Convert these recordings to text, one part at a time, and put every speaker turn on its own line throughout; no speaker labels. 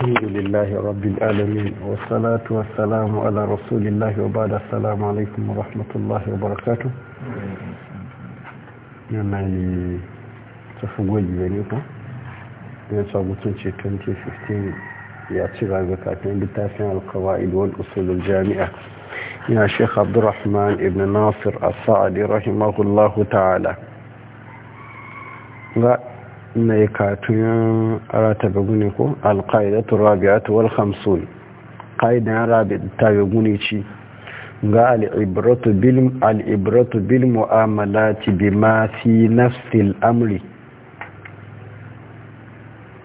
الحمد لله رب العالمين والصلاة والسلام على رسول
الله وبعد السلام عليكم ورحمة الله وبركاته نعم تفوقي يعنيكو نعم صابتن شي 2015 ياتي غاكاتين بتاسين القواعد والأصول الجامعة يا شيخ عبد الرحمن ابن ناصر الصعدي رحمه الله تعالى mai katun rata guni ko alƙa'idatu rabi'atu wal khamsun ƙa'idan rabi ta bagune ci ga al'ibratu bil al'ibratu bil mu'amalati bima fi nafsil amri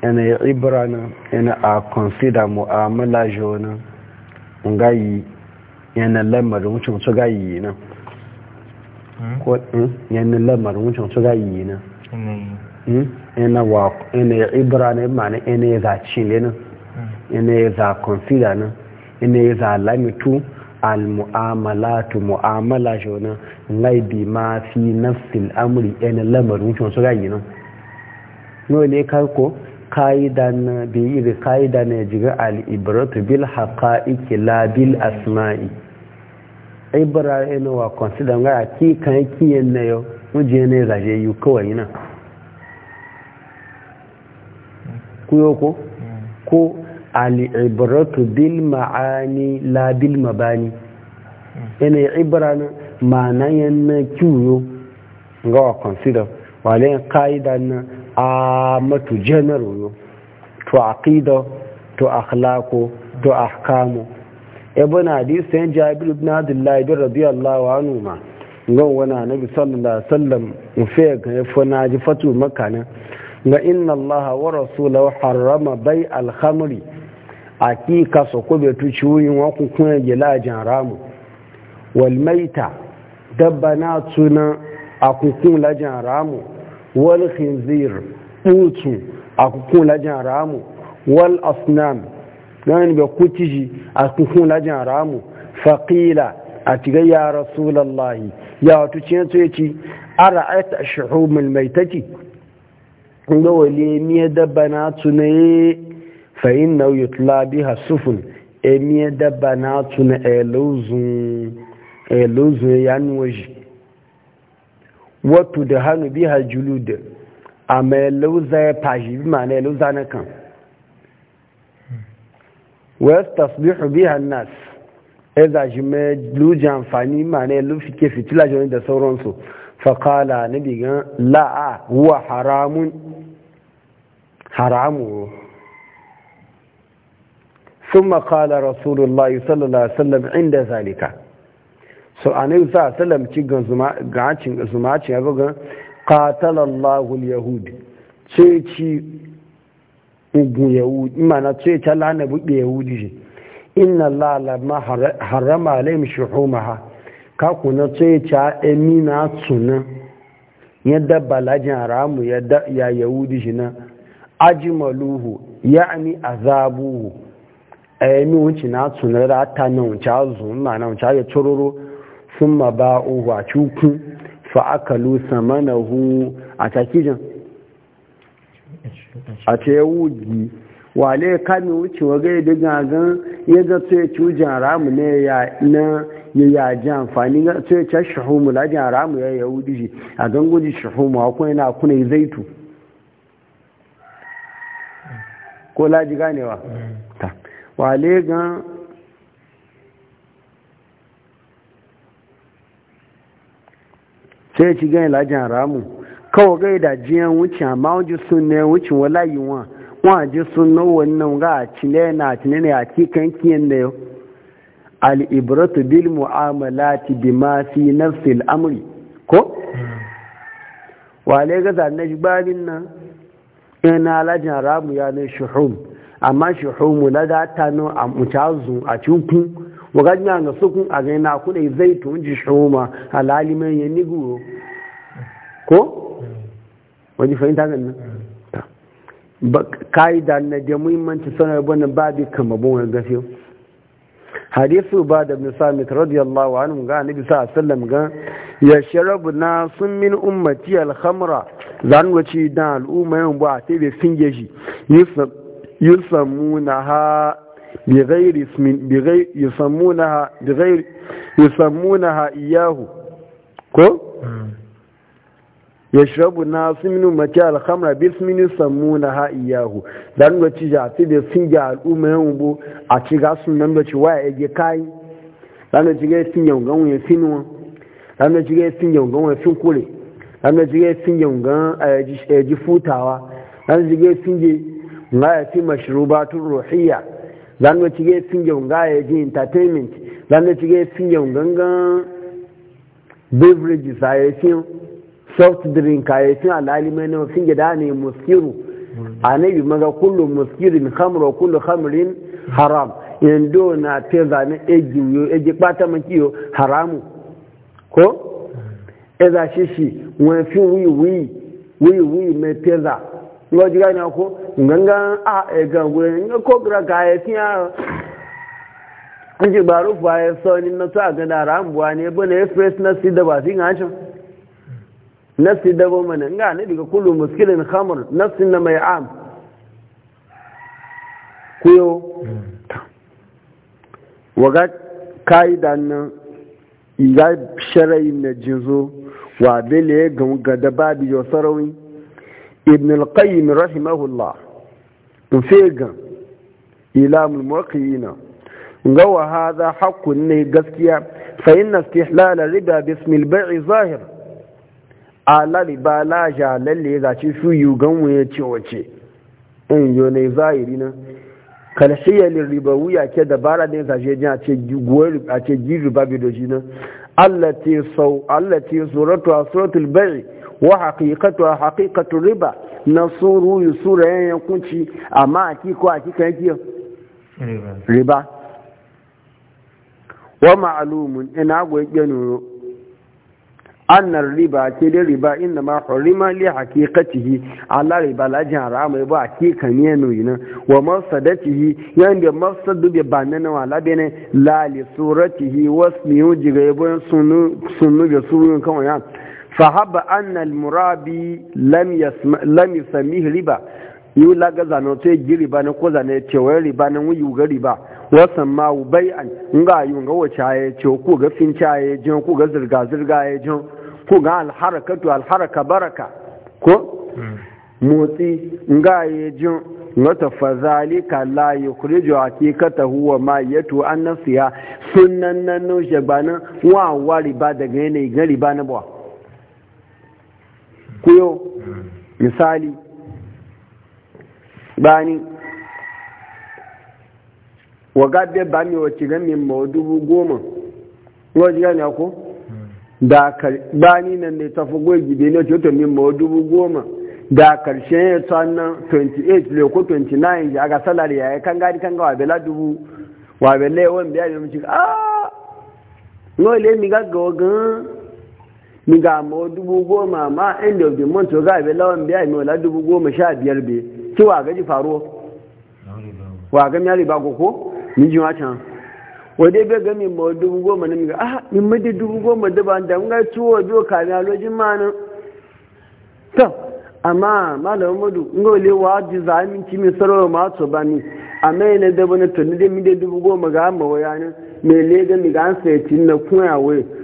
yana ibra na yana a consider mu'amala jona ngayi yana lamarin wucin su gayi na hmm? ko yana hmm? lamarin wucin su gayi na ina hmm? wa ina ibra ne mani ina za chile ne ina hmm. za confida ne ina za lamitu al mu'amalatu mu'amala jona ngai bi ma fi nafsil amri ina lamarin chon so gayi no no ne kai ko kaidan bi iri kaidan ne jiga al ibratu bil haqa'iqi la bil asma'i ibra ina wa consider ngai ki kan kiyen ne yo muje ne za je yu kawai na kuyo ko ko al'ibratu bil ma'ani la bil mabani yana ibra na ma'ana yana kiwo ga wa consider wale ka'ida na a matu general yo to aqida to akhlaqo to ahkamu ibn hadis sai jabir ibn abdullah ibn radiyallahu anhu ma ngon wana nabi sallallahu alaihi wasallam mu fe ga fa na ji fatu makana Na inna allaha wa rasulahu harrama bai alhamri a kika su kube tuci wuyin wakun kuna gilajen ramu walmaita dabba na tuna a kukun lajen ramu wal khinzir utu a kukun lajen ramu wal asnam nan ga kutiji a kukun lajen ramu faƙila a tiga ya rasulallahi ya wato cinye su ci ara aita shuhumul maitati ga wale miya dabba na tunaye fa'in na bi ha sufun e miya dabba na tuna eluzun e e ya nuwaji wato da hannu julu da a mai eluza ya e fashi bi ma na eluza na kan wasu tasbihu ha nas za shi mai luji amfani ma na lufi ke fitila da sauransu faƙala na bigan la'a wa haramun haramu sun makala rasulullah sallallahu alaihi Sallam! inda zalika so a sallallahu za a ci ga zuma a gogon ga qatalallahu alyahud ce ci ugun yahudi mana ce ta lana buɗe yahudi shi inna lalama lamma harama alaihim ha ka kuna ce ta emina tsunan yadda balajin haramu ya yahudi shi na ajimaluhu ya'ni azabuhu ayami wuce na tsunar da ta na wuce azu na nan wuce ya tururu sun ma ba uhu a cuku fa'akalu aka lusa mana a takijin a ce wuji wale kami wuce wa gai da gangan ya ga tsaye cujin ramu ne ya na ya yaji amfani na tsaye ta shahumu lajin ramu ya yahudi a gangoji shahumu akwai na kuna zaitu ko laji ganewa ta wale gan sai ci gan lajin ramu. kawo gai da jiyan wuce amma wajen sun ne wuce wala yi wa wajen sun na wannan ga a cile na a cile ne a cikin kiyan da yau al'ibratu bil mu'amalati bi ma fi nafsil amri ko hmm. wale ga zanen jibalin nan ina lajin ramu ya ne shuhum amma shuhum na da ta nan a mutazu a cikin wajen ga sukun a gaina kudai zai tunji shuhuma halaliman ya nigu ko wani fahimta ga nan mm. ka'ida na da muhimmanci sanar babu kama bin wani gafiyo hadisu ba da misamit radiyallahu anhu ga annabi sa sallam ga ya sharabu na sun min ummati alhamra zan wace dan al'umma yan ba sai bai singe shi yusammuna ha bi ghairi ismin bi ghairi yusammuna bi ghairi yusammuna iyahu ko hmm. yashrabu nasu min ummati al-khamra bismin yusammunaha iyyahu dan ga ci ja fi da sun ga al'umma yawon bu a ci ga sun nan da ci waya ya kayi dan ga ci ga sun yan gan wani sinu dan ga ci ga sun yawon gan wani sun kure dan ga ci ga sun yawon gan a ji futawa dan ga ci ga sun je ga ya fi mashrubatun ruhiyya dan ga ci ga yi sun yawon ga ya ji entertainment dan ga ci ga sun yawon gangan beverages a ya fi soft drink a sun alhali mai na sun gida ne muskiru a nabi kullum muskirin hamro kullum hamrin haram indo na te zane eji egi bata makiyo haramu ko eza shishi wọn fi wuyi wuyi wuyi wuyi mai teza lọ jiga ni ko gangan a e, ga gure nga ko gira ka ya e, fi ya an ji gbaru fa ya e, so ni na to a ganda ne bane ya fres na si da ba si nga shan nafsi dabo mana nga ne daga kullu muskilin khamr nafsin na mai am kuyo waga kaida nan iga sharai na jizo wa bele ga da babi yo sarawi ibn al-qayyim rahimahullah to fega ila mulmuqina ga wa hada haqqun ne gaskiya fa inna istihlal riba bismi al-bai' zahir alari ba laja lalle ya zaci su yi ganwa ya ce wace in yau ne zahiri nan kalsiyar ribawiya ke dabara da ya zace jin a ce gizu babu da shi nan allati suratu a suratul bari wa haqiqatu a haqiqatu riba na suru yi sura yan yankunci amma a kiko a kika yake riba wa ma'alumun ina goyi nuro annar riba ke da riba inda ma hurima li haqiqatihi ala riba la jin harama ba hakika ne no yin wa masadatihi yanda masadu bi banana wala bene la li suratihi wasmiyu jiga yabo sunu sunu ga sunu kan ya fa haba anna al murabi lam yasma lam yasmihi riba yu la ga zano te riba ne ko zane ce wai riba ne wuyu ga riba wasan ma bai an nga yu ga wace ya ce ku ga fin ya jin ku ga zirga zirga ye jin ko ga alharaka to alharaka baraka ko motsi nga ya jin wata fazalika la yukhriju hakikata huwa ma to an nasiha sunan nan nan shabana wa wa riba daga yanayi ga riba na buwa kuyo misali bani wa gabe ba mi wacce ga min ma dubu goma wajen ya ko da bani nan ne tafi goyi gibe ne to min ma dubu goma da karshen ya tsannan 28 le ko 29 ji aga salari ya yi kan gadi kan gawa bela dubu wa bela yawan biya ne cika aaa ah! no le mi ga gogan mi ga ma dubu goma ma end of the month ga bela wan biya mi wala dubu goma sha biyar be ki wa gaji faro wa ga mi riba ko ko min ji wa can wadda ya ga min mawa dubu goma na miga aha min madi dubu goma da ba da nga tuwo jo kami to amma malam madu nga wale wa ji za min ci min sarwa ma to ba ni a yana na bana to ne dubu goma ga amma waya ne me le ga an sai tin na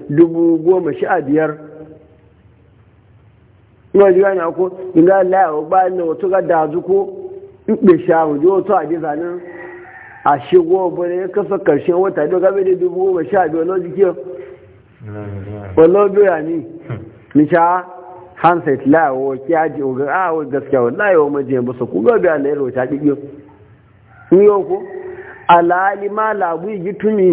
dubu goma sha biyar ji gani ba ne wato ga dazu ko ikpe sha a ji a shigo bane ya kasa karshen wata da gabe da dubu goma sha biyu ni nisha handset lawo ki ogun a wani gaskiya wa layo maje basa ku gabe a naira ta kikiyo ni yau ma labu yi tumi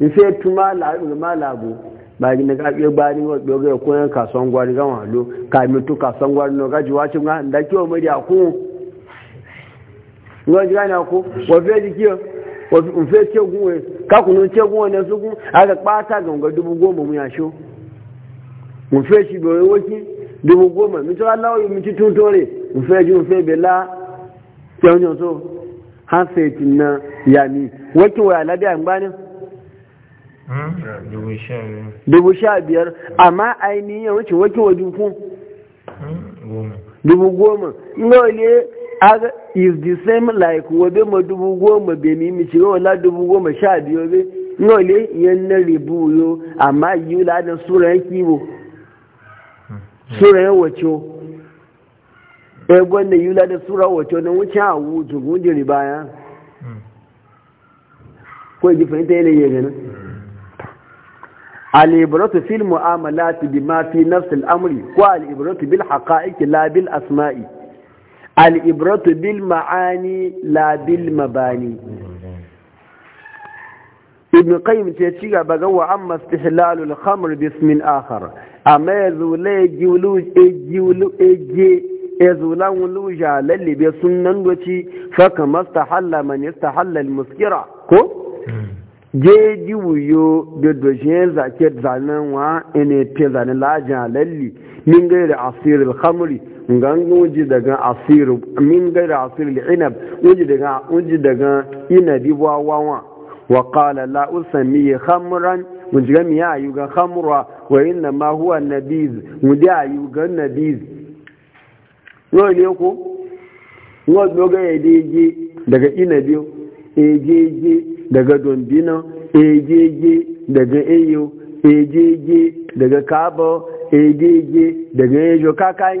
in sai tuma labu ma labu ba gi na kasuwan gwari ka kasuwan gwari no ga jiwa cin da kiyo mai da wọ́n jí láyìn àkó wọ́n fẹ́ di kí ọ wọ́n fẹ́ tí ogun rẹ̀ kákùnrin tí ogun ọ̀nà sókún àti pátá gàngàn dúbú gómọ̀ mú yàṣó wọ́n fẹ́ ṣì bẹ̀rẹ̀ owó kí dúbú gómọ̀ mi tó aláwọ̀ yìí mi ti tún tó rè wọ́n fẹ́ jí wọ́n fẹ́ bẹ̀ lá tẹ̀wọ́n yàn tó ti na yà mí wọ́n kí wọ́n dubu sha biyar amma ainihin yawancin wakin wajen dubu hmm? goma. Dubu goma. aga is the same like wabe ma dubu goma be mi mi shiga wala dubu goma sha biyo be no le yan na ribu yo amma yi la da sura yan kibo sura ya wacho e gwanda yi la da sura wacho na wuce a wuce gunje riba baya ko yi fahimta ta yanayi ganin al-ibratu fil bi bima fi nafs al ko al bil haqa'iq la bil asma'i al'ibratu bil ma'ani la bil mabani ibn qayyim ce ci gaba ga wa amma istihlalul khamr bismin akhar amma yazule giwlu e eje wulu wuluja lalle be sunnan doci fa kama istahalla man istahalla al muskira ko je wuyo, da doshe zake zanen wa ene te zanen a lalle min gairi asirin khamri ngan wuji daga asiru min gaira asiru al-inab wuji daga wuji daga inabi wa wawa wa qala la usami khamran wuji gami ya ayu ga khamra wa inna ma huwa nabiz wuji ayu ga nabiz no ne ko no doga edeje daga inabi ejeje daga dombina ejeje daga eyo ejeje daga kabo ejeje daga ejo kakai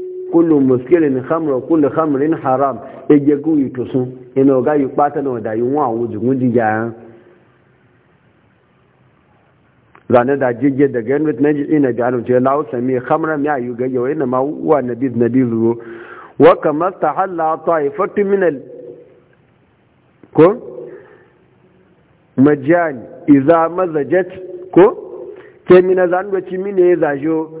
kullu muskilin khamra kullu khamrin haram eje gun itosun ina oga yi pata na da yi won awon jugun jiya zane da jige da ganwit na ji ina da alun lawo sami khamra mi ayu ga yau ina ma wa nabi nabi ruwo wa kama tahalla ta'ifatu min al ko majani idza mazajat ko ke mina zanwaci mine zajo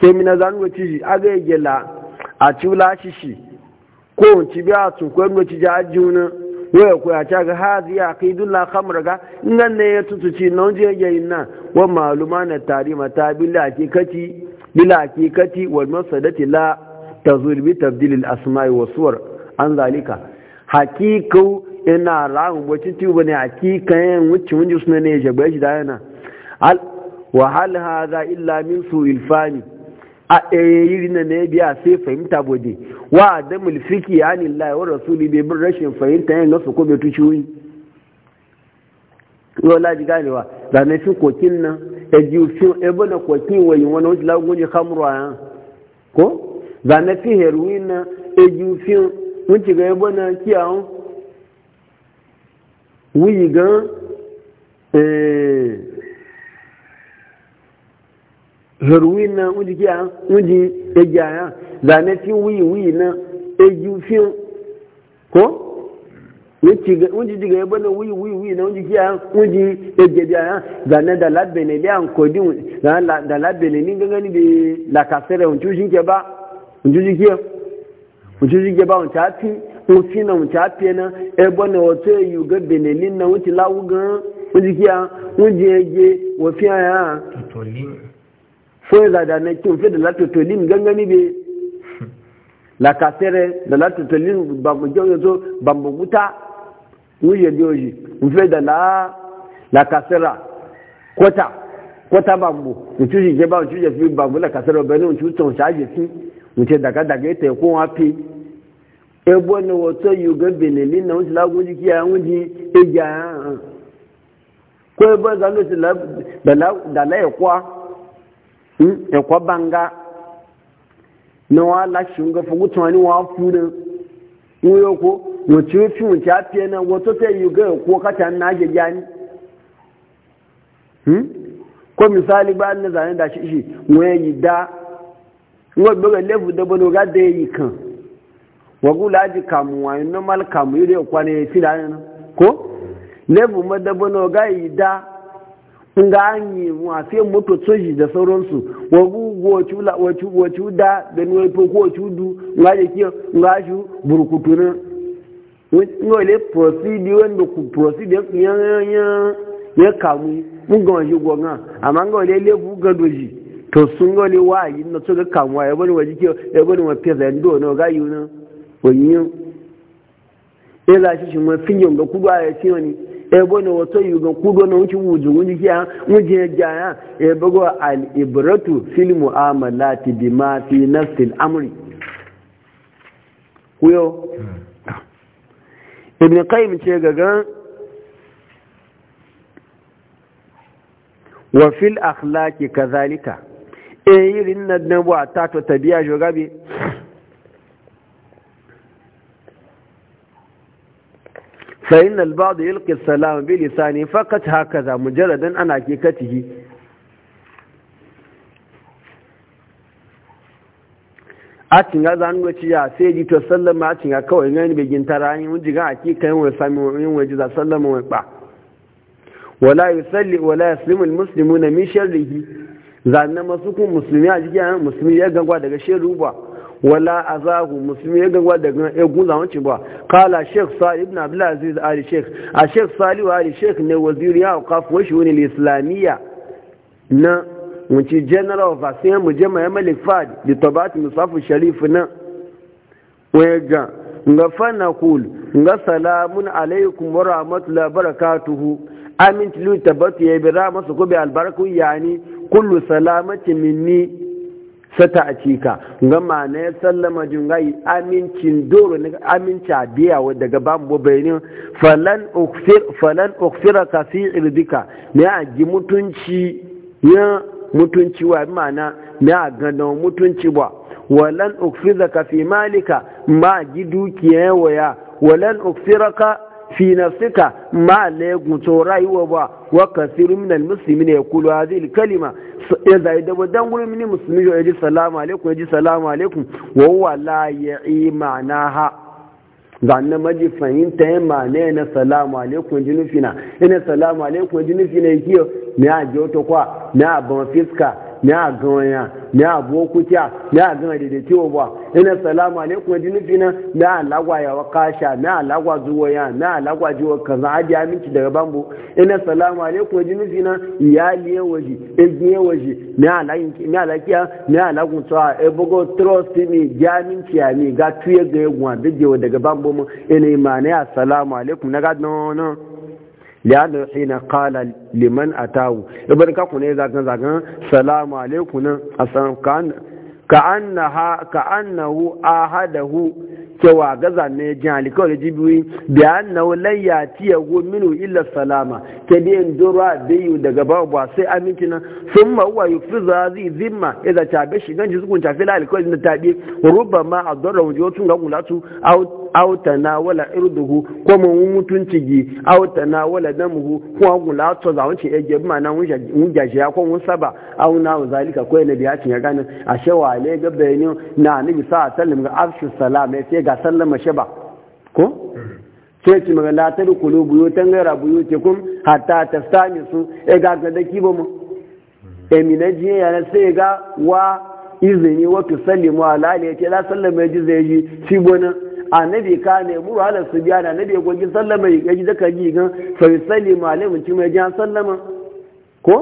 kemina shi. ci aga gela a shi shi ko ci biya tun ko no ci ja juna waya ko ya ga hadi ya aqidullah khamra ga nan ne ya ci non je ya inna wa maluma na tarima ta bila hakikati bila hakikati wal masadati la tazul bi tabdil al asma'i wa suwar an zalika hakiku ina ra'un wacin ti bane hakikan wuce wunji suna ne ya shi da yana wa hal hadha illa min su'il fani a ɗaya na na biya sai fahimta bode wa adamul fiki ya ni lai wa rasuli bai bin rashin fahimta yin gasu ko bai tuci wuyi yau laji ganewa da na fi kokin nan ya e ji fi ebe na kokin wani wani wani lagunji a yan ko da na fi heroin nan ya e ji fi wunci ga ebe na kiyawan wuyi gan eh zorwi na wuji kiya wuji egiya ya zane fi wuyi wuyi na egi fi ko wuji diga ya bane wuyi wuyi wuyi na wuji kiya wuji egiya ya zane da labene bi an kodi zane da labene ni gangani bi la kasere wunci shi ke ba wunci ke wunci shi ke ba wunci afi wunci na wunci afi na ebo na wato eyu ga benelin na wuci lawu gan wuji kiya wuji ege wafi ya fo e za da na kin fi da latotolin gangani be la kasere da latotolin ba mu jo zo ba mu guta mu ye doji mu fi da la la kasera kota kota ba mu mu tuji je ba mu tuji fi ba mu la kasera ba ne mu tuji ton shaje fi mu ce daga daga ita ko wa fi ebo ne woto yu ga ni na mu la goji kiya mu ji eja ko ebo za no ti la da la da la e kwa Hmm? ya hmm? kwa banga na wa lashin ga fugu tani wa furu uyo ko mu ci fi mu ta fiye na wato ta yi ga ko kata na ga gani hmm ko misali ba na zane da shi shi mu yi da ngo be ga lefu da bono ga de yi kan wa gula ji kamu wa normal kamu yire kwane fi da ko lefu ma da bono ga yi da sun ga an yi yin moto soji da sauransu wa wacu da da ni wato ko wacu du nga je kiyo nga ju burkutu na ile prosidi wanda ku prosidi ya ya ya kamu mun ga waje gonga amma ile ile bu ga doji to sun ga ile wayi na so ga kamuwa ya bani waje kiyo ya bani wa pesa ndo na ga yi na wani yi ila shi shi mun finyo ga kudu a ya wani ebo na wato ga kudo na wuce wujin wuni kiya ya jaya e bago al ibratu fil mu'amalati ma fi nafsil amri kuyo hmm. ibn qayyim ce gaga wa fil akhlaqi kadhalika e yirin nan na wa ta to tabiya shugabi. فإن البعض يلقي السلام بلسانه فقط هكذا مجردا عن حقيقته a cinga za nuna ciya sai ji to sallama a cinga kawai gani begin tara an yi wunji ga hakika yin wai sami yin waje za sallama wai ba wala yusalli wala yaslimu almuslimuna min sharrihi zanna masu kun musulmi a jikin musulmi ya gangwa daga sharri ba wala azahu musulmi ya gangwa daga egun zawancin ba kala sheikh sali ibn abdulaziz ali sheikh a sheikh sali wa ali sheikh ne waziri ya kafu wa shuni islamiyya na wunci general of asiyan mujamma ya malik fad da tabati musafu sharif na wani ga nga fana kul nga salamun alaikum wa rahmatullahi barakatuhu amin tilu tabatu ya bi rahmatu ko bi albarakun yani kullu salamatin minni sata a cika gama na ya sallama jungayi amincin doro na aminci a biya wadda babu babainin falan uksira ka fi irdika na ya ji mutunci ya mutunci wa na ya gada mutunci ba walan ukfira ka fi malika ma ji dukiya waya walan ukfira ka fi nafsika ma la ba to rayuwa ba wa ne ya kulu a zai kalima. ya eh, zai dabo dan gurin mini musulmi ya ji salamu alaikum ya ji salamu alaikum wa huwa la ya'i ma'naha zanna maji fahimta ya ma'ana na salamu alaikum ji nufina ina salamu alaikum ji nufina kiyo na ajiyo ta kwa na ban fiska ne a ganya ne a bokutiya ne a gana da kewa ba ina salamu alaikum ji nufi na ne a lagwa ya kasha ne a lagwa zuwa ya ne a lagwa jiwa kaza a ji aminci daga bambo ina salamu alaikum ji nufi na iyali ya waje ɗin ya waje ne a lakiya ne a lagun tsawa e trust me di aminci ya mi ga tuye ga ya gwa daga bambo mu ina ma ne salamu alaikum na gadon liyana hina qala liman atawu ibn ka kunai zagan zagan salamu alaikum asan kan ka annaha ka annahu ahadahu cewa gaza ne jin alikawar jibiyoyi da annahu lan yati yago minu illa salama ke da yin dora biyu daga babu ba sai aminci nan sun ma uwa yufi zazi zimma idan ta be shigan jizukun ta fila alikawar da ta bi rubba ma a dora wajen tun gulatu auta na wala irduhu ko mun mutunci gi auta na wala damuhu ko agun la to za wancin ege ma na mun jaje ya ko mun saba au na zalika ko ne biya cin ya ganin a shewa le ga bayani na nabi sa sallam ga afshu salam sai ga sallama shaba ko sai ci maga la ta dukulu buyutan gaira buyutikum hatta tastanisu e ga ga daki ba mu e minaji ya sai ga wa izini wa tusallimu ala aliyati la sallama ji zai yi shi annabi ka ne muru ala su biya da annabi ya gogi sallama ya ji daga gigan gan sai sallama ci mai jan sallama ko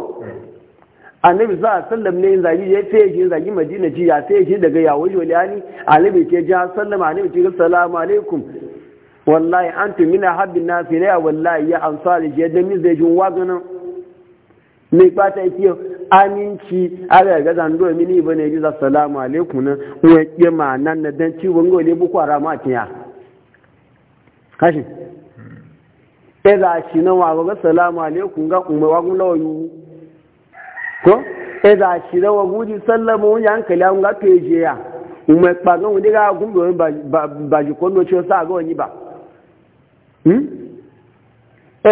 annabi a sallam ne zagi ya fiye shi zagi madina ci ya fiye shi daga yawo joliyani annabi ke jan sallama annabi ci salamu alaikum wallahi antu min habbin nasi ne wallahi ya ansari je don min zai jin waganan me fata yake aminci ala ga zan do mini ibane ji assalamu alaikum na wa ke ma nan na dan ciwon gole buku arama tiya kashi hmm. e za shi na wa ga salamu alaikum ga umma wa gun lawayu ko e za shi na wa guji sallama yan kala ga peje ya umma pa ga wani ga gun ba ba ji kondo ciwo sa ga wani ba hmm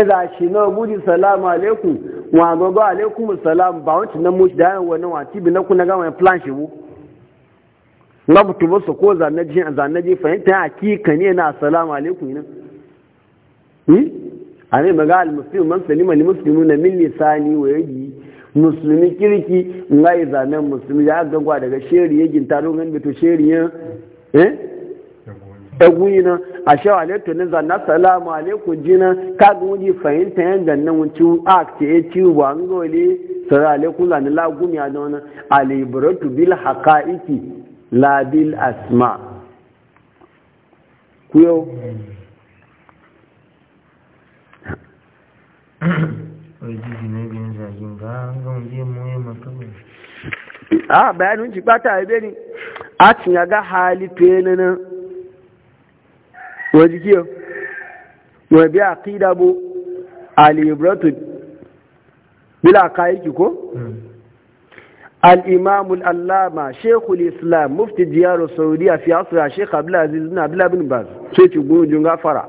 iza shi na guji salamu alaikum wa gogo alaikum salam ba wancan nan mushi da yawon wani wati bi na kuna gama ya plan shi bu na mutu ba su ko zanaji zanaji fahimta kika ne na salamu alaikum nan a ne maga al-muslim man salima musulmi na min lisani wa yaji musulmi kirki ngai zanen musulmi ya gagwa daga sheri yagin taro ganin to sheri eh egwina a shawa leto ne zanna salamu alaikum jina ka ga wani fahimta yan ganna wuce act ya ci wa an gole sara alaikum zanna lagumi a zauna alibratu bil haqaiki la bil asma ku ah, yau a bayanin ci bata ebe ni a cinyaga hali tuye na nan waji kiyo mai biya kida bu alibratu bila kayiki ko al’imamu al’alama shekul islam mufti diyarar saudiya fi asura shek abdulaziz na abdulabin baz ceci gunjun gafara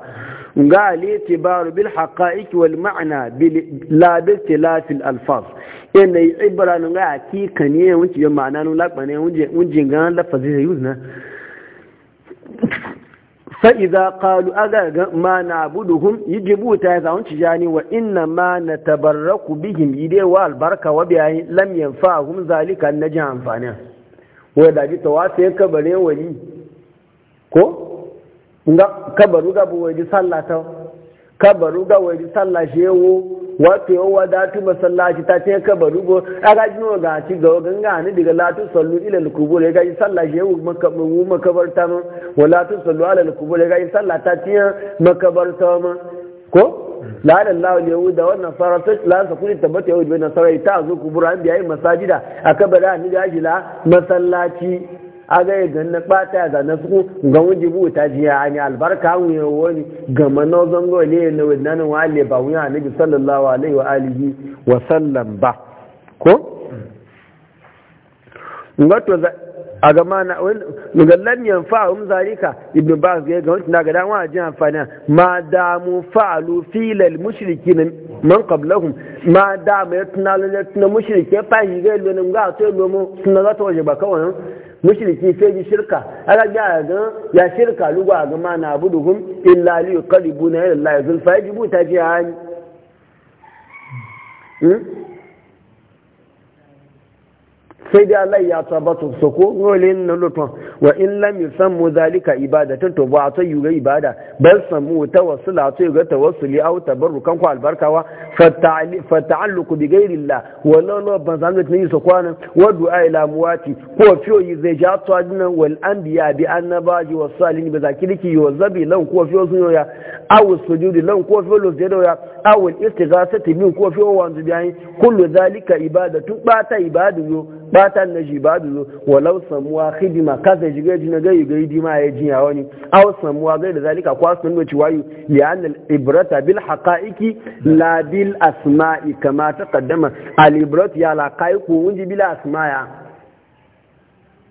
ga leti baro bil haka iki wal ma'ana labirti lafil alfaz inda yi tsibira nun ga ki ne wunci yin ma'ana nun lakpa ne wunjin ganan lafazin yuz na fa'iza ƙalu agaga ma na buduhum yi jibuta ya zaunci jani wa inna ma na tabarraku bihim yi dai wa albarka wa biyayi lamyan fa'ahun zalika na jin amfanin wai da ji tawasa ya kabare wani ko kabaru ga bu wani sallata kabaru ga wani sallashe wo wato yau tu masallaci ta ce ka bari go a ga jino ga ci ga ganga ni daga latu sallu ila al-kubur ga yi sallah ya mu makabarta mu wala tu sallu ala al-kubur ya ga yi sallah ta ce makabarta mu ko la'ana Allah al-yahuda wa nasara ta la sa kulli tabbata da bai nasara ta zo kubura an biya masajida aka bada ni ga jila masallaci aga ga na bata ga na su ga wuje bu ta jiya ne albarka an yo wani ga mano zango le na wannan wale ba wuya annabi sallallahu alaihi wa alihi wa sallam ba ko ngato a gama na lam yanfa'um zalika ibn bas ga ga wannan ga dan ji amfani ma da mu fa'alu fil al mushrikin man qablahum ma da mu tunalu tunanin mushrike fa yi ga lo ne ga to lo mu tunaga to waje ba kawai mushriki sai ji shirka aka ga ga ya shirka lugu a ga mana abuduhum illa li yuqribuna ila allahi zulfa yajibu tajihani hmm? sai dai Allah ya tabbata su ko ngole na lutun wa in lam yusammu zalika ibadatan to ba ta yuga ibada bal samu tawassula ta yuga tawassuli aw tabarrukan ku albarkawa fa ta'alluqu bi Allah wa la la ban zan ne su kwana wa du'a ila muwati ko fiyo yi zai ja to adina wal anbiya bi annabaji was salihin bi zakiriki wa zabi lan ko fiyo sun yoya aw sujudi lan ko fiyo lo zai doya aw istighasati min ko fiyo wanzu biyan kullu zalika ibadatu ba ta ibadu yo batan na shi babu walau samuwa khidima kaza shiga ji na gayi gayu dima ya ji ya wani aw samuwa gai da zalika kwa sun wace wayu ya annal ibrata bil haqaiqi la bil asma'i kama taqaddama al ibrat ya la kai ku wunji bil asma'a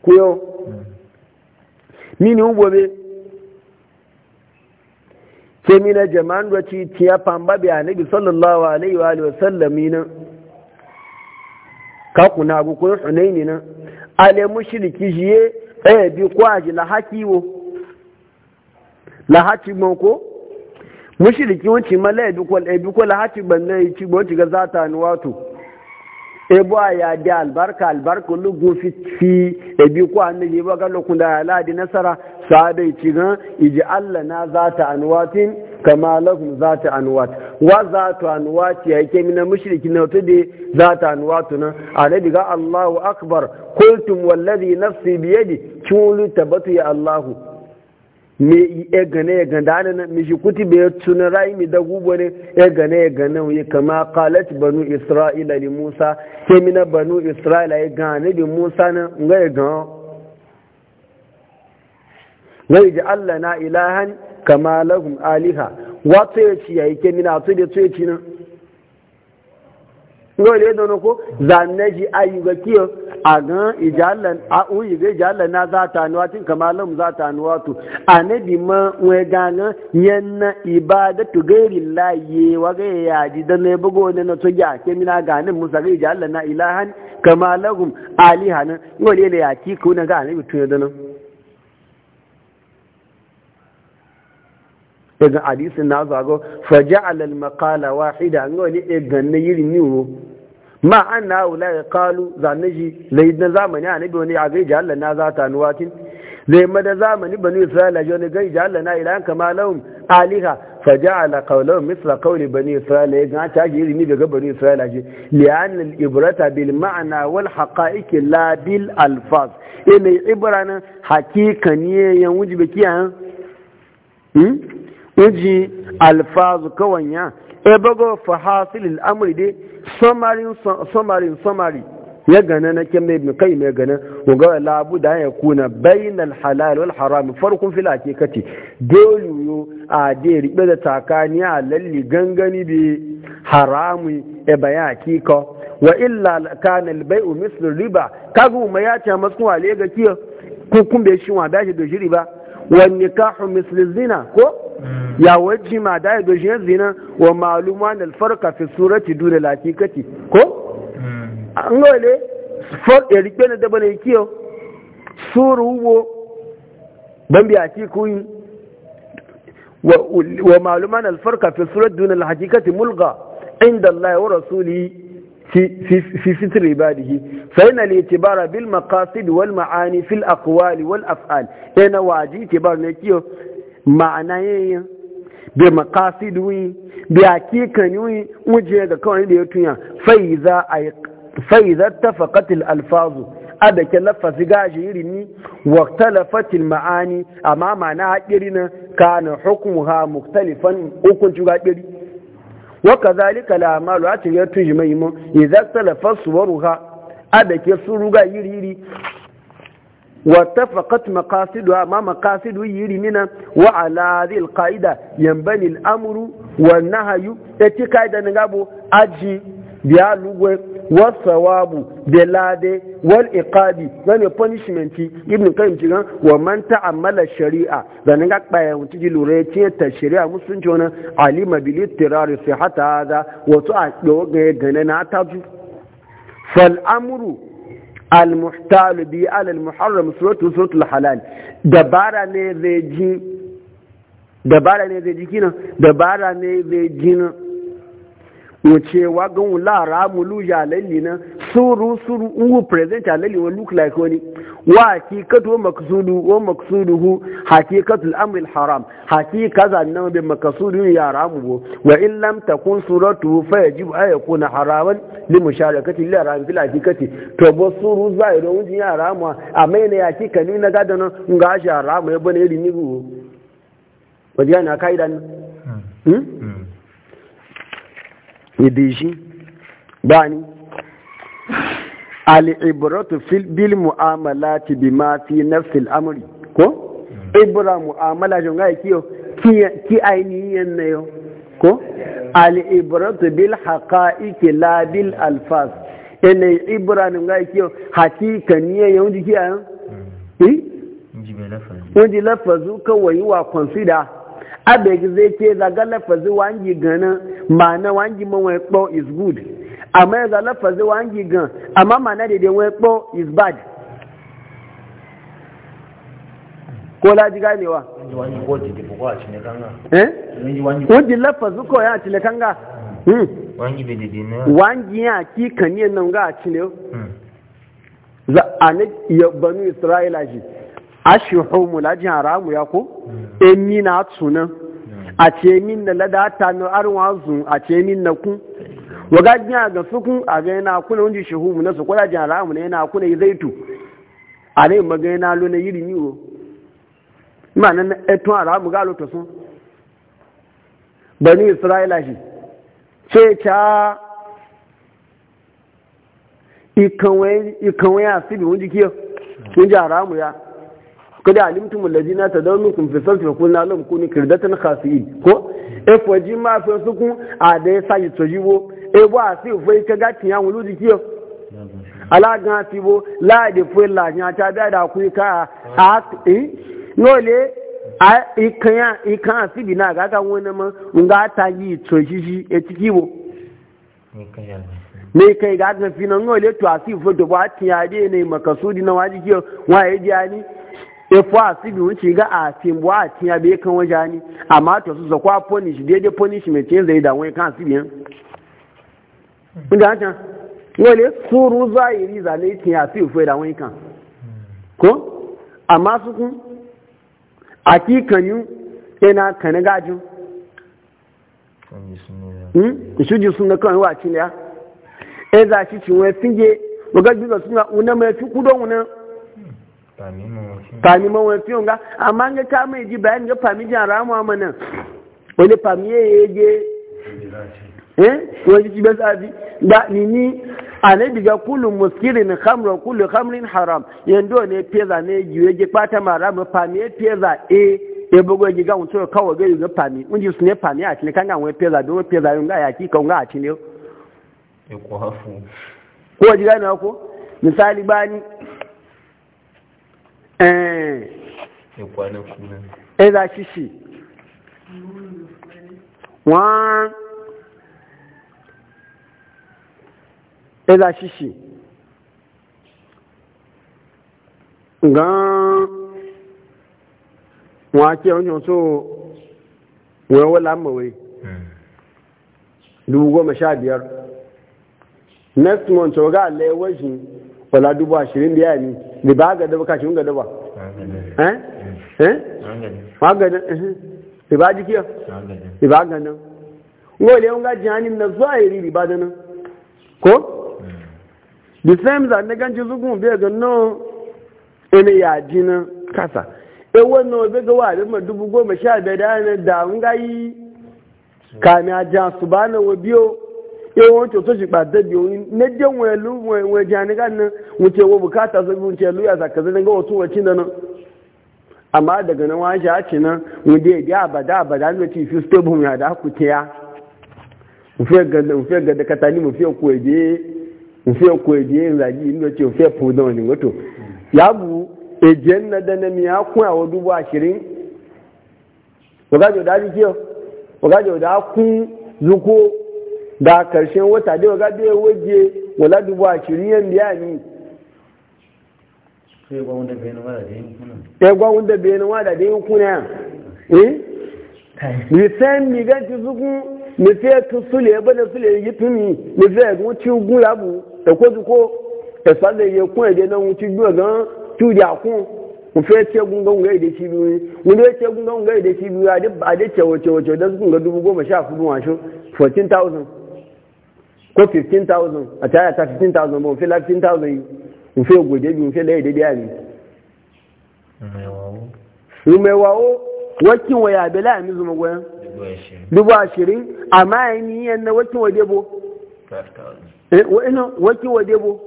yo mini ubobe kemina jama'an wacce tiya pamba bi annabi sallallahu alaihi wa sallam ka kuna abu kun hunaini nan ale mushriki jiye eh bi ko aji la hakiwo la hati moko mushriki wanci mala bi ko la eh, bi ko hati banne ci bo ci ga zata ni wato e bo ya da albarka albarka gu fi fi e bi ko annabi ba ga lokunda ala di nasara dai ci ga iji Allah na zata anwatin kama lahum zata anwat wa za ta anwat ya yake mina mushriki na da za ta anwat na alabi ga Allahu akbar kultum wallazi nafsi bi Kin wuli tabbatu ya Allahu me e gane ya ganda na mishi kuti be tuna rai mi da gubo ne e gane ya gane ya kama qalat banu isra'ila li musa ke mina banu isra'ila ya gane bi musa na ngai ga ngai ji Allah na ilahan kama lahum aliha wato ya ci yayi ke nina to da to ya ci nan ngo le don ko Za ayyuga kiyo a ga ijalan a uyi ga ijalan na za ta nuwa tin kama lahum za ta nuwa to anabi ma we ga ga yanna ibadatu gairi laye wa ga ya ji na ne bugo ne na to ya ke nina ga nan musa ga ijalan na ilahan kama lahum aliha nan ngo le ya ci ko na ga anabi to ya dan daga hadisin na zago faja'ala al-maqala wahida an wani e ganna yiri niwo ma anna haula ya qalu zanaji zai na zamani annabi wani a gaija Allah na zata nuwatin zai mada zamani banu isra'ila jo ne gaija Allah na ilahan kama lahum aliha faja'ala qawluhum misla qawli bani isra'ila gani ta ji yiri daga bani isra'ila ji li'an al-ibrata bil ma'ana wal haqa'iq la bil alfaz e ina ibrana hakikaniyan wujibi kiyan hmm iji alfazu kawanya e bago fa hasilil amri dai samarin somari, samari ya gana na kyan ibn qayyim ya gana wa ga labu da ya kuna bainal halal wal haram farkun fil kati, dole yo a de ribe da takani a lalli gangani bi haramu e baya hakika wa illa kana al mislu riba kagu ma ya ta masu wale ga kiyo ko kun be shi wa da shi ba. wani kahu misli zina ko ya wajen ma da ya dojiyar zina wa maluma na farka fi surati dole lafikati ko an gole ya rike na daba na ikiyo suru hugo ban biya ci kuyi wa maluma na farka fi surati dole lafikati mulga inda Allah ya wa rasuli في ستر عباده فإن الاعتبار بالمقاصد والمعاني في الأقوال والأفعال أنا واجي اعتبار نكيو معنى بمقاصد وي بحقيقة وي وجه كون اللي يتويا فإذا فإذا اتفقت الألفاظ ada ke lafazi gashi irin ni wa talafatil ma'ani amma ma'ana hakiri na kana hukmuha muktalifan hukunci ga hakiri وكذلك kazalika la amalu ati ya tuji mai mu idza talafa واتفقت مقاصدها ما مقاصد يرمنا وعلى هذه القاعدة ينبني الأمر والنهي اتكايدا نغابو أجي biya lugwe wasawabu da lade wal iqabi wani punishment ibn kayyim jiran wa man ta'ammala shari'a dan ga kpaya wuti ji lura ci ta shari'a musulunci jona alima bil ittirar sihata hada wato a doga gane na taju fal amru al muhtal bi al muharram suratu suratul halal dabara ne zai ji dabara ne kina dabara ne zai ji na wucewa gan wula ramu lu ya lalli na suru suru uwu present ya lalli wa look like wani wa hakikatu wa maksudu wa maksuduhu hakikatul amri haram hakika zanna bi maksudu ya ramu bo wa in lam takun suratu fa yajibu an yakuna haraman li musharakati li haram fil hakikati to bo suru zairo wun ya ramu amma ne hakika ni na gadan ga shi haramu ya bane irin ni go wajiya na kaidan hmm, hmm? ibishi bani al'ibratu bil mu'amalati bi ma fi nafsi al'amri ko hmm. ibra mu'amala jin ga kiyo ki ainihin ne yo ko al'ibratu bil haqa'iqi la bil alfaz ene ibra nun ga kiyo hakika niye yau jiki ayan eh wọ́n di lẹ́fẹ̀ẹ́ zú kọ̀wé yìí wà kọ̀nsídà abegi zai ce zaga lafazi wangi ganin ma'ana wangi ma wani kpo is good amma ya lafazi wangi gan amma ma'ana da dai wani kpo is bad ko laji ganewa wajen lafazi ko ya cile kanga hmm.
Hmm.
wangi ya ki kanyen nan ga cile hmm. za a ne yabbanu isra'ila shi ashi homu lajin haramu ya ko emi na tuna a ce min na ladata na arwa a ce min na ku waga jiya ga sukun a ga yana kuna wani shi homu na su kwada jin haramu na yana kuna yi zaitu a ne maga yana luna yiri ni o ma nan eto haramu ga lota sun bani isra'ila shi ce ta ikanwe ikanwe asibi wani jikiyar wani haramu ya kada alimtum allazina tadawnukum fi sarfi qulna lahum kunu kirdatan khasiin ko e foji ma fe sukun ade sayi tojiwo e bo asi fe kaga tiyan wulu dikiyo alagan ti bo la de fe la nya ta da da ku ka a eh no le a ikan ikan asi bi na ga gaga wona ma nga ta yi tojiji e tikiwo ne kai ga ga finan no le to asi fe to ba tiya de ne makasudi na waji kiyo wa e diani efu asibinwu wuce ga a timbo a tiya bai e kan waje ni amma to su zakwa punish daidai punish mai cin zai da wani e kan asibi yan inda haka wale suru zahiri zane tiya su ifo da wani e kan ko amma su kun a kikani yana kane gajin ìṣújú súnmọ́ kan wà hmm? cin ya ẹ za shi cin wani finge wọ́n gbígbà suna una mai fi kúdọ̀ wunan
fami
ma wani fiyon amma ga kama mai bayan ga fami jan ramuwa mana wani fami ya yi je eh wani ci bai sabi da nini anabi ga kullu muskirin khamra kullu Hamrin haram yando ne peza ne yiwe je pata maramu fami ya peza e e bugo ji ga mutu kawo ga yuga fami unji su ne fami a cikin kan ga wani peza do peza yunga ya ki kan ga a cikin
ne ko hafu
ko ji na ko misali bani eh
kwanan kuna
eh za shi shi wan eh za shi shi gan wọn ake onye dubu biyar next month ọ̀gá lẹ́wọ́ ewe shi dubu ashirin da ba ga daba kashin ga daba eh eh ba ga da eh. da ba jikiya da ba ga nan wole on ga jahanim na zuwa zahiri ba da nan ko the same that na ganji zugun be ga no ene ya jina kasa e wannan be ga wa da dubu goma sha biyar da da an ga yi kamiya ja subhanahu wa biyo yawon coto shi ɓata biyu na jan welu wani janigan nan wuce bukata su wuce luya zakazi na wasu wacin da nan amma daga nan wani shi haci nan wanda ya biya abada abada ne ci ya da haku tiya mufiya ga da katani mufiya kwaje mufiya kwaje yin zagi inda ce mufiya da karshen wata dai ga dai waje wala dubu ashirin yan biya ni sai gwawun da bayan wada da yin kuna sai gwawun da bayan wada da yin kuna eh lisan eh? mi ga ti zugun mi fe tu sule ba da sule yi tumi mi fe gun ti gun labu da ko zu ko e sa le ye kun e de na ti gbo gan tu ja kun mo fe ti gun gan ga ide ti bi mo de ti gun gan ga ide e ti bi ade ade chewo chewo chewo da zugun ga dubu goma sha fudu wa 14000 ko 15,000 a tare ta 15,000 ba fi la 15,000 yi in fi gode biyu fi laye daidai ne in mai wawo wakin wa yabe la yanzu magoyan dubu ashirin amma ya ni yan na wakin eh, wa debo wakin wa debo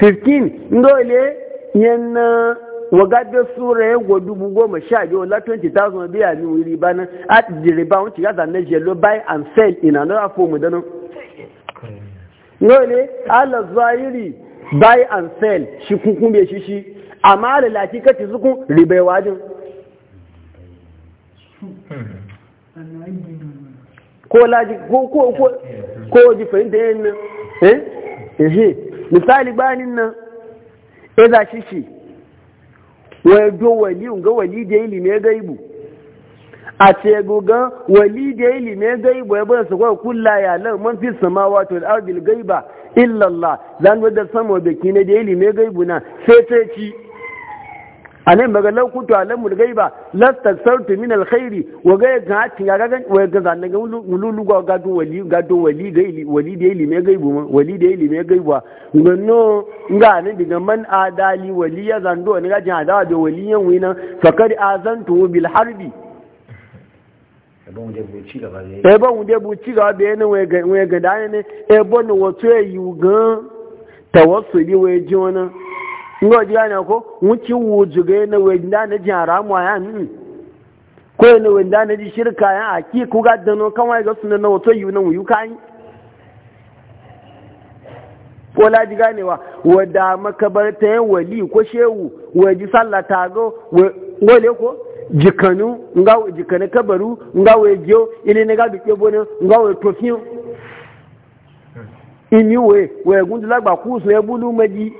15 ndole yan na wagabe sura ya gwa dubu goma sha biyu la 20,000 biya ni wuri ba nan at the rebound ya zane jelo buy and sell in another form da nan ne ala zahiri buy and sell shi kukun bai shi shi amma da lati kace sukun ribai wajin ko laji ko ko ko ko ji fahimta yin nan eh eh misali banin nan eh za shi shi wai do wali unga wali da ilimi gaibu a ce gugan wali da ilimi gaibu ya bar su kawai kulla ya lar man fi sama wato al'adil gaiba illallah zan wadda sama da kine da ilimi gaibu na sai sai ci a nan baga laukutu a lamul gaiba lasta sartu min alkhairi wa ga ga hatin ga ga wa ga zan ga lulu ga ga do wali ga do wali ga ili wali da ilimi gaibu ma wali da ilimi gaibu ga no ga nan daga man adali wali ya zando ne ga jin adawa da wali yan wina fakar azantu bil harbi
ebe
wunde bu ci ga da yana wai ga daya ne ebe ni wato ya e yi gan tawassuli wai ji wani ngo ji gane ko wuci wuju ga yana wai da na ji haramu a yan ko yana wai da na ji shirka yan aki ku ga dano kawai e ga sunan na wato e yi nan wuyu kai ko la ji ganewa wadda makabarta yan wali ko shehu waji sallata go wale ko jikanu nga jikane kabaru nga ejo ile ne ga bi pe bona ngawo tofin ini we gundu lagba ku so bulu meji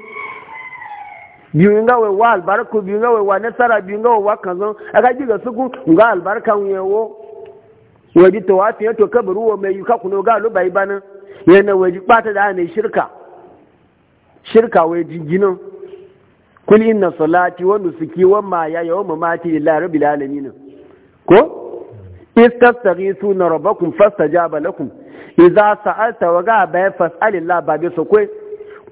bi nga wa albaraku bi nga wa nasara bi nga wa kanzo aga jiga suku nga albarka nyewo we di to ati to kabaru wo meyu ka kuno ga lo bai bana yana we ji pata da ne shirka shirka we ji kul inna salati wa nusuki wa mayaya wa mamati lillahi rabbil alamin ko istastaghithuna rabbakum fastajaba lakum idza sa'alta wa ga ba fas'alillah ba bi ko koi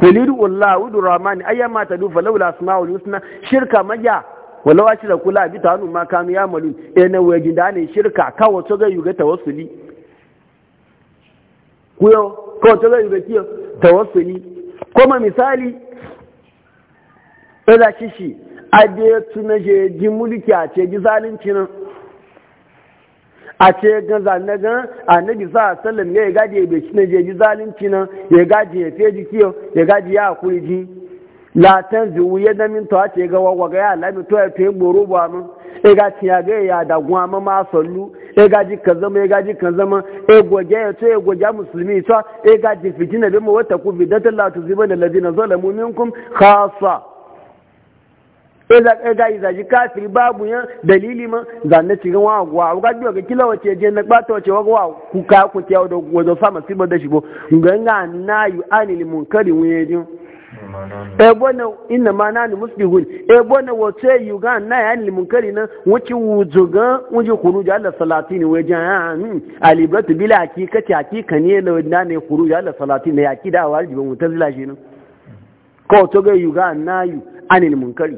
kulidu Allah udu rahman ayyama tadu fa laula asmaul husna shirka maja walau ashira kula bi tanu ma kanu ya malu. eh na wajin da ne shirka ka wato ga yuga tawassuli kuyo ko to ga yuga kiyo tawassuli kuma misali ɗaza shi shi a je tuna je ji mulki a ce ji zalunci nan a ce gan zane gan annabi sa sallam ya gaji ya bai na je ji zalunci nan ya gaji ya fiye jiki ya gaji ya hakuri ji latin zuwu ya na min tawa ce ga wawa ga ya lami to ya fiye gboro ba e mun ya ga tiya ga ya da guwa ma ma sallu ya e gaji ka zama ya e gaji ka zama ya goge ya to ya goge musulmi to ya gaji fitina bi mu wata ku bidatan la tuzibana ladina zalamu minkum khassa ga iza ji kafiri babu yan dalili ma za na cikin wa gwa ga biyo ga kila wace je na gbata wace wa gwa ku ka ku tiyawo da wazo fama sibo da shibo ganga na yu anil munkari wuye jin e Ina mana ma nanu muslihun e bona wace yu ga na ya anil munkari na wuci wuzuga wuji khuruj ala salatin wa jahan hmm. alibratu bila hakikati hakika ne na wadna ne khuruj ala salatin ne yakida wajibin mutazila shi ne ko to ga yu ga na yu anil munkari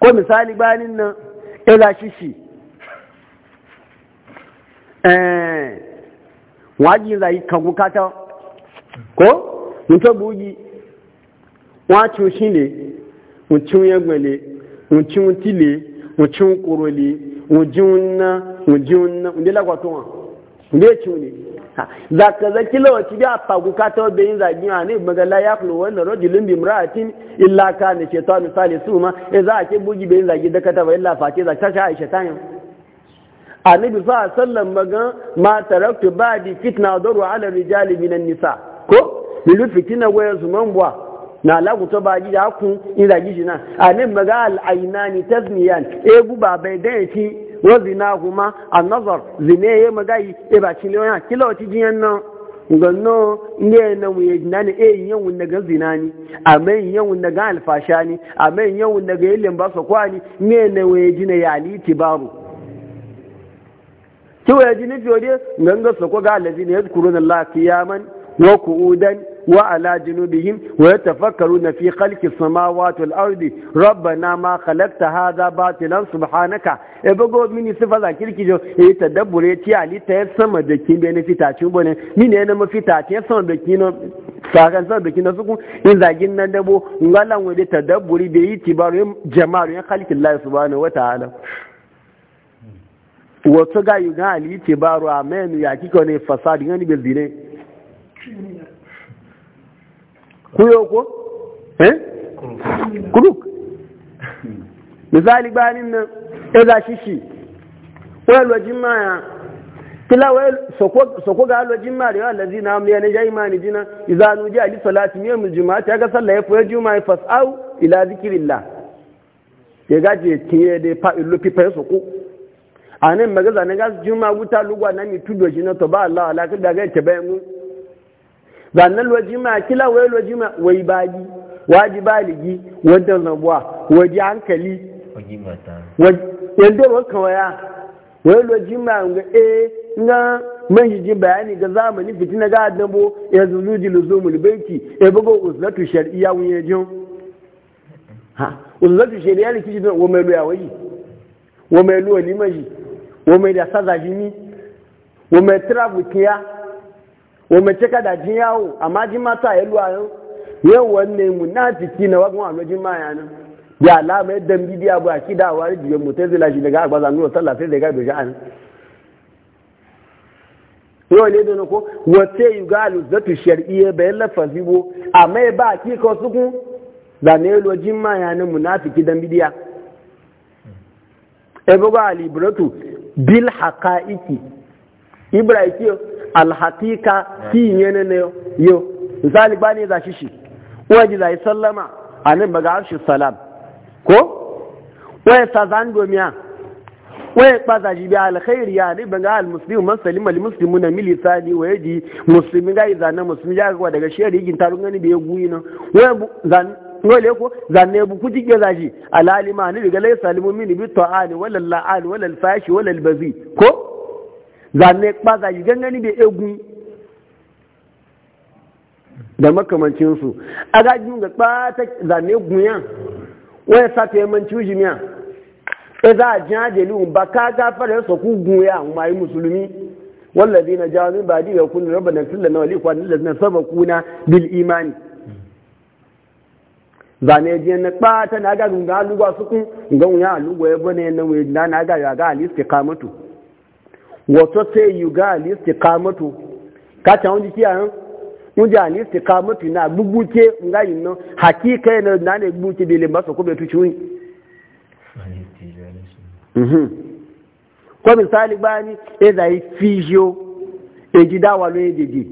ko misali bayanin nan ila shishi eh waji zai kangu kata ko mutum bugi wacu shi ne mutum ya gwale mutum tile mutum korole mutum na mutum na ndela kwatuwa ndela ciwo ne zaka zaki lawaci bi tagu ka ta be yin zagi ne magalla ya kullu wannan rajulun limbi muratin illa kana su ma e za a ke bugi bai yin zagi da kata ba illa face za ta sha ishe tayin annabi sa sallan maga ma taraktu di fitna daru ala rijali minan nisa ko lulu fitina waya zuman buwa na la ba gida baji da hakun in zagi shi na annabi maga al tasniyan ebu ba bai dai ki wa zinahuma an-nazar zine e ya magai lè ba cin lewa kila wati jiyan nan ganno ne na mu yajina ne eh yan wun daga zina ni amen yan wun daga alfasha ni amen yan wun daga yilin ba so kwani ne na waye jina ya li tibaru kiwa yajini fiye ganga so ko ga allazina yadhkuruna allaha qiyaman wa qu'udan wa ala junubihim wa yatafakkaruna fi khalqis samawati wal ardi rabbana ma khalaqta hadha batilan subhanaka e bago mini sifa za kirkijo e tadabbure ti ali ta sama da kin da ne fitacin bone mini ne mafita ti sama da kin sakan sama da na suku in zagin nan dabo ngalan wa da tadabburi be yi tibaru jama'u ya khalqillahi subhanahu wa ta'ala wato ga yi ga ali tibaru amenu ya kiko ne fasadi ngani bezine kuyo ko eh kuruk misali banin nan e za shishi wai lojin maya kila wai soko ga lojin ma da yawa lazi na amma yana jai mani jina izanu ji ali salati ne mu juma'a ta ga sallah ya fuye juma'a fas'au ila zikrillah ya gaje tiye da fa illu pipa soko anan magaza na ga juma'a wuta lugwa na mi tudo jina to ba Allah alaka daga ta bayan mu zannan lojima kila wai lojima wai bagi waji baligi wadda zabuwa waji hankali yadda wanka waya wai lojima ga e eh, na mahiji bayani ga zamani fitina ga adabo ya zuluji luzumul baiti e bugo uzlatu shar'iyya wuye jin ha uzlatu shar'iyya ne kiji wa mai loya wayi wa mai loya limaji wa mai da sazaji ni wa mai trabu kiya wa mẹ́ kada jin yawo amma jin mata ya luwa yau yau wanne munafiki na wagon alojin maya nan ya alama yadda bidiya ba ki da wari e a mutazila shi daga agbaza nuna sallah sai daga bi sha'an yau ne na ko wace yugalu zatu shar'iyya bayan lafazi bo ki da ne alojin maya nan munafiki alhaqiqa ki yana ne yo misali bani za shi shi waje za yi sallama anan baga arshi salam ko waye sazan domiya waye za ji bi alkhairi ya ne baga almuslimu man salima almuslimu na milisani waye ji muslimi ga na muslimi ya ga daga shari'a gin tarun gani be guyi na waye zan dole ko zanne bu kuji ke zaji alalima ni daga laysa min bi ta'ani wala la'ani wala alfashi wala albazi ko zane kpaza yi gangani da egun da makamancinsu a gajin ga kpata zane gunya wani sata yamanci ujimiya e za a jiya da liun ba ka gafara yasa ku gunya a yi musulmi wallazi na jawo min ba diga kunu raba na tilla na wali kwanin da na saba kuna bil imani zane je na kpata na gajin ga alugwa sukun ga wuya alugwa ya bane na wuya na ga ya ga alistiqamatu wato sai yi ga alisti kamatu ka ta wani kiya yan wunja alisti kamatu na gbubuke nga yi nan hakika yana na ne gbubuke da ile masa kuma tuci wuni mhm. ko misali bani e za yi fijiyo e ji dawa lo yejeje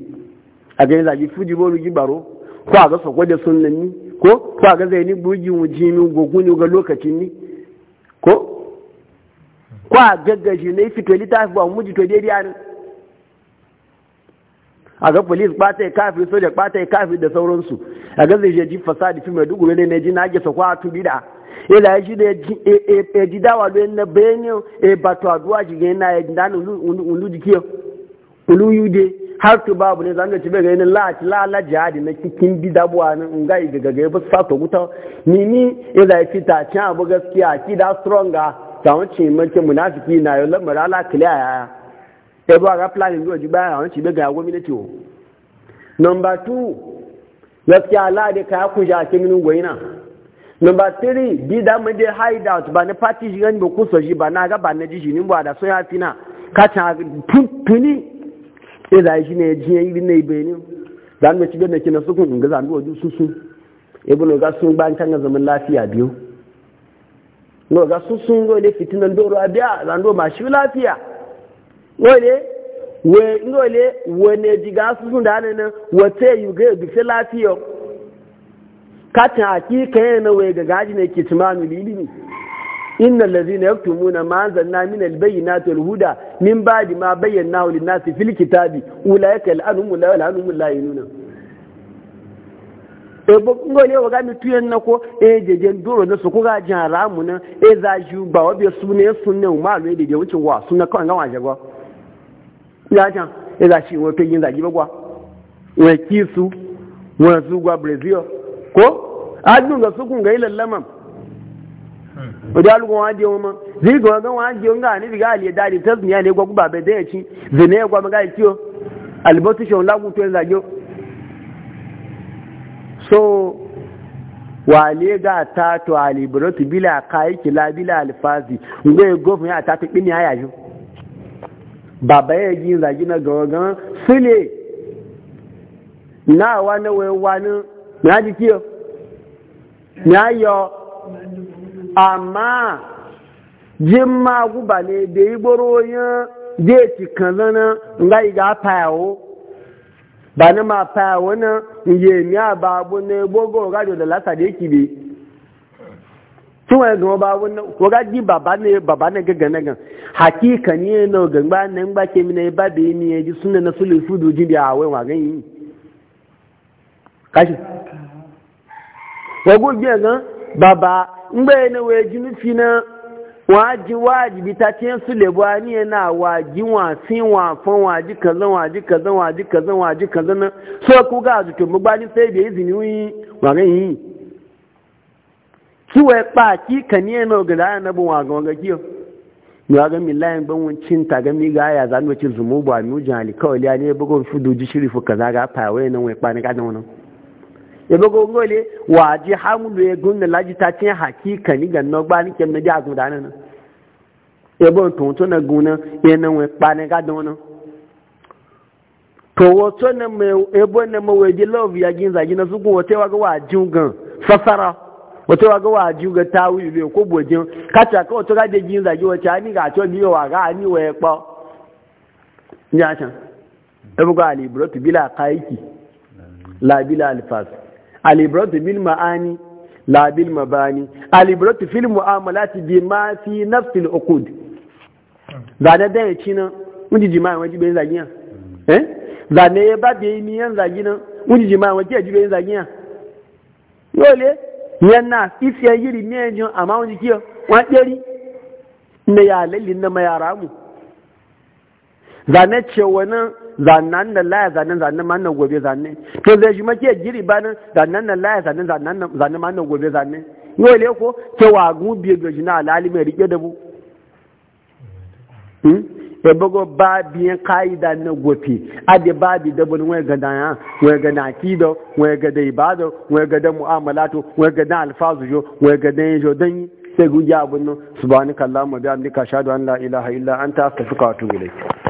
a ga yi zaji fuji bolu baro? ko a ga sako da sunan ni ko ko a ga zai ni buji mu gogun ga lokacin ni ko ko a gaggashi na ifi ta littafi ba mu muji to daidai anin a ga polis ɓata ya kafi soja ɓata ya kafi da sauransu a ga zai ji fasadi fi mai dugu ne na ji na gesa kwa tu bida ila ya shi da ya ji dawa lo na bayani e batu aduwa shi ga na ya ji dani ulu jikiyo ulu yude har tu babu ne zanga ci bai ga yana la'aci la'ala jihadi na cikin bidabuwa na nga yi gagaga ya fi sato guta ni ni ila ya fita can abu gaskiya ki da stronga tàwọn tì mọ munafiki na yọ lọmọdé alákìlẹ àyà ẹbí wàá pílánì bí ojú báyà àwọn tì bẹ gàá gómìnàtì o. nọmba tú lọkì aláàdé káyà kújà àti mímú wẹ̀yìn náà. nọmba tírì dídá mẹdẹ haida ọtúbà ní pàtí yìí ẹni bẹ kú sọ yìí bà na gàbà shi, jíjì ba bọ àdàsọ yà fi na tuni ẹdá yìí ne jìyà yìí náà ibẹ ni zanbẹ tì bẹ nàkì náà sókùn nga zanbẹ ojú sunsun ebi na ga sun gbá kan zaman lafiya biyu no ga sun sun go ne fitinan doro a biya zando ma lafiya wane wane wane jiga su sun da nan wace yi ga du fi lafiya katin hakika yana waye ga gaji ne kitmanu lilimi na yaktu muna ma na? min na wal huda min ba di ma bayyanahu lin-nasi fil kitabi ulaika al-anhum la'anu ilaha illa ebo ngo ne waga mi tuyen e na ko e jejen doro na su ko ga jin haramu na e za ju ba wa be su ne sun ne ma lo de de wucin wa sun na kan ga wa jago ya jan e za shi wo pe yin za ji bagwa we kisu wo su gwa brazil ko adun ga su kun ga ilallama hmm. o da lugun wa je ma zi ga ga wa je nga ni ga ali da ni tasmiya ne gwa ku ba be de ci zine gwa ma ga kiyo albatu shon lagu to za jo so wale ga ta to alibratu bila kai kila bila alfazi ngai gofu ya ta kini ya yajo baba ya gi zagi na gawagan sile na wani wai wani na ji kiyo na yo amma jin maguba ne da yi gboro yin je ci kan zana ngai ga o. ba na ma fa wani iye ni a ba abu ne gbogbo radio da lasa da yake bi tun wani gama ba baba ne baba ne na na gangba na ngba ke ni ya suna na sulu fudu ji da awai biya baba na na wọ́n wajibi ta ce su lebani yana waji wasi si nwa kazan waji kazan waji kazan waji kazan nan so ku ga azutun mugbani sai bai izini yi wagan yi kiwa pa ki kaniye na bu wagan ga kiyo ni wagan mi layin ban wancin ta ga mi ga ya zan wace zumu ba mi jali kawai ya kaza ga pa wai pa ebe ko ngole waji hamulu ya gunna laji ta tin hakika ni ganno gba ni kem na ja gun dana na ebe ton to na guna ye na we pa ne ga don na to wo to na me ebe na mo we di love ya gin za gin na sugun wote wa ga waji gan fasara wote wa ga waji ga tawi le ko bojin kacha ko to ga de gin za gi wote ani ga to ni wa ga ani we pa nya chan ebe ko ali bro bila kaiki la bila alfas alibratu bil ma'ani la bil mabani alibratu fil mu'amalati bi ma fi nafsi al uqud zane da yaci nan wani jima'i waje bai zagiya eh zane ya ba bai miyan zagi nan wani jima'i waje ji bai zagiya yole yana ifiya yiri miyan jin amma wani kiyo wani ɗari na ya lalli na mayara mu zane cewa nan zannan da laya zannan zannan ma nan gobe zannan. to zai shi make giri banin zannan da laya zannan zannan zannan ma nan gobe zanne yau le ko ke wa gu biye goji na alali mai rike da bu hmm e bago ba biye kaida na gofi ade ba bi da bun wai da, daya wai ga nakido wai ga da ibado wai ga da mu'amalato wai ga da alfazujo wai ga da yo dan sai guja abun subhanakallahumma bihamdika ashhadu an la ilaha illa anta astaghfiruka wa atubu ilayk